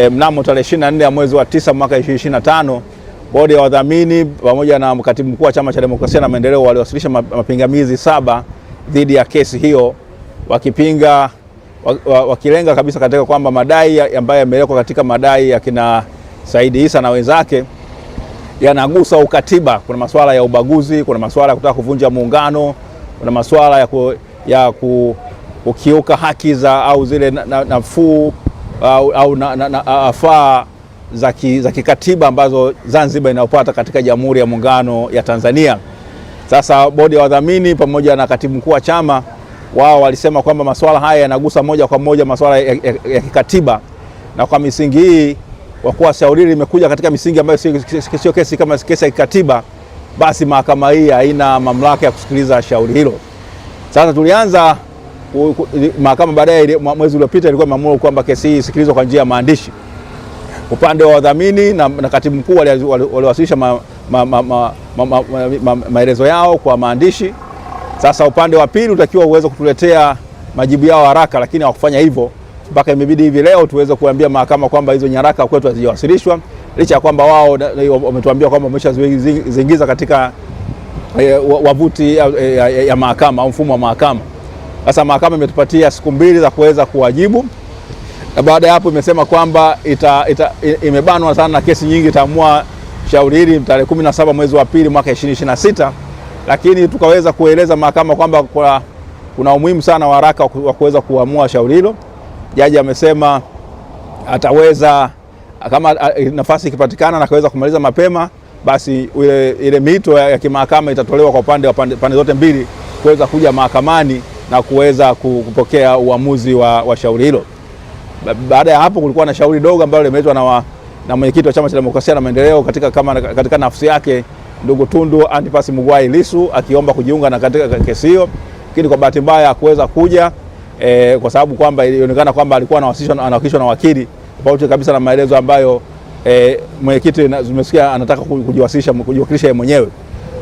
E, mnamo tarehe 24 ya mwezi wa tisa mwaka 2025 bodi ya wadhamini pamoja na katibu mkuu wa Chama cha Demokrasia na Maendeleo waliwasilisha mapingamizi saba dhidi ya kesi hiyo, wakipinga wakilenga kabisa katika kwamba madai ambayo yamewekwa katika madai ya kina Saidi Isa na wenzake yanagusa ukatiba. Kuna masuala ya ubaguzi, kuna masuala ya kutaka kuvunja muungano, kuna masuala ya, ku, ya ku, kukiuka haki za au zile nafuu na au, au na, na, na, afaa za kikatiba ambazo Zanzibar inayopata katika Jamhuri ya Muungano ya Tanzania. Sasa bodi ya wadhamini pamoja na katibu mkuu wa chama wao walisema kwamba masuala haya yanagusa moja kwa moja masuala ya, ya, ya kikatiba, na kwa misingi hii, kwa kuwa shauri limekuja katika misingi ambayo sio kesi kama kesi ya kikatiba, basi mahakama hii haina mamlaka ya kusikiliza shauri hilo. Sasa tulianza mahakama baadaye mwezi uliopita ilikuwa imeamua kwamba kesi hii isikilizwe kwa njia ya maandishi. Upande wa wadhamini na, na katibu mkuu waliwasilisha maelezo ma, ma, ma, ma, ma, ma, ma, ma yao kwa maandishi. Sasa upande wa pili utakiwa uweze kutuletea majibu yao haraka, lakini hawakufanya hivyo mpaka imebidi hivi leo tuweze kuambia mahakama kwamba hizo nyaraka kwetu hazijawasilishwa licha ya kwamba wao wametuambia kwamba wameshaziingiza katika e, wavuti ya, ya, ya mahakama au mfumo wa mahakama. Sasa mahakama imetupatia siku mbili za kuweza kuwajibu, na baada ya hapo imesema kwamba ita, ita, imebanwa sana na kesi nyingi, itaamua shauri hili tarehe saba mwezi wa pili mwaka sita lakini tukaweza kueleza mahakama kwamba kwa, kuna umuhimu sana wa haraka wa kuweza kuamua shauri hilo. Jaji amesema ataweza kama nafasi ikipatikana na kaweza kumaliza mapema, basi ile, ile mito ya kimahakama itatolewa kwa pande pande zote mbili kuweza kuja mahakamani na kuweza kupokea uamuzi wa, wa shauri hilo. Baada ya hapo kulikuwa na shauri dogo ambalo limeletwa na, na mwenyekiti wa Chama cha Demokrasia na Maendeleo katika, kama, katika nafsi yake ndugu Tundu Antipas Mugwai lisu akiomba kujiunga na katika kesi hiyo, lakini kwa bahati mbaya hakuweza kuja e, kwa sababu kwamba ilionekana kwamba alikuwa anawakilishwa na wakili tofauti kabisa na maelezo ambayo e, mwenyekiti zimesikia anataka kujiwakilisha yeye mwenyewe.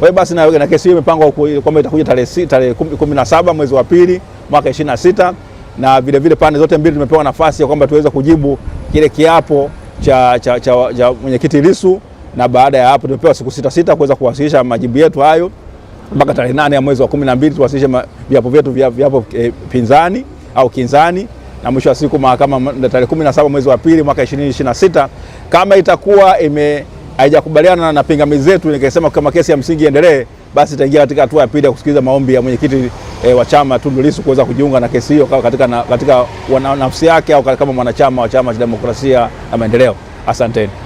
Kwa hiyo basi na kesi hiyo imepangwa kwamba itakuja tarehe kumi na saba mwezi wa pili mwaka ishirini na sita na vilevile pande zote mbili tumepewa nafasi ya kwamba tuweze kujibu kile kiapo cha, cha, cha, cha mwenyekiti Lissu na baada ya hapo tumepewa siku sita sita kuweza kuwasilisha majibu yetu hayo mpaka tarehe nane ya mwezi wa kumi na mbili tuwasilishe viapo vyetu viapo e, pinzani au kinzani na mwisho wa siku mahakama tarehe kumi na saba mwezi wa pili mwaka ishirini ishirini na sita kama itakuwa ime haijakubaliana na pingamizi zetu, nikasema kama kesi ya msingi iendelee, basi itaingia katika hatua ya pili ya kusikiliza maombi ya mwenyekiti e, wa chama Tundu Lissu kuweza kujiunga na kesi hiyo katika, na, katika nafsi yake au kama mwanachama wa Chama cha Demokrasia na Maendeleo. Asanteni.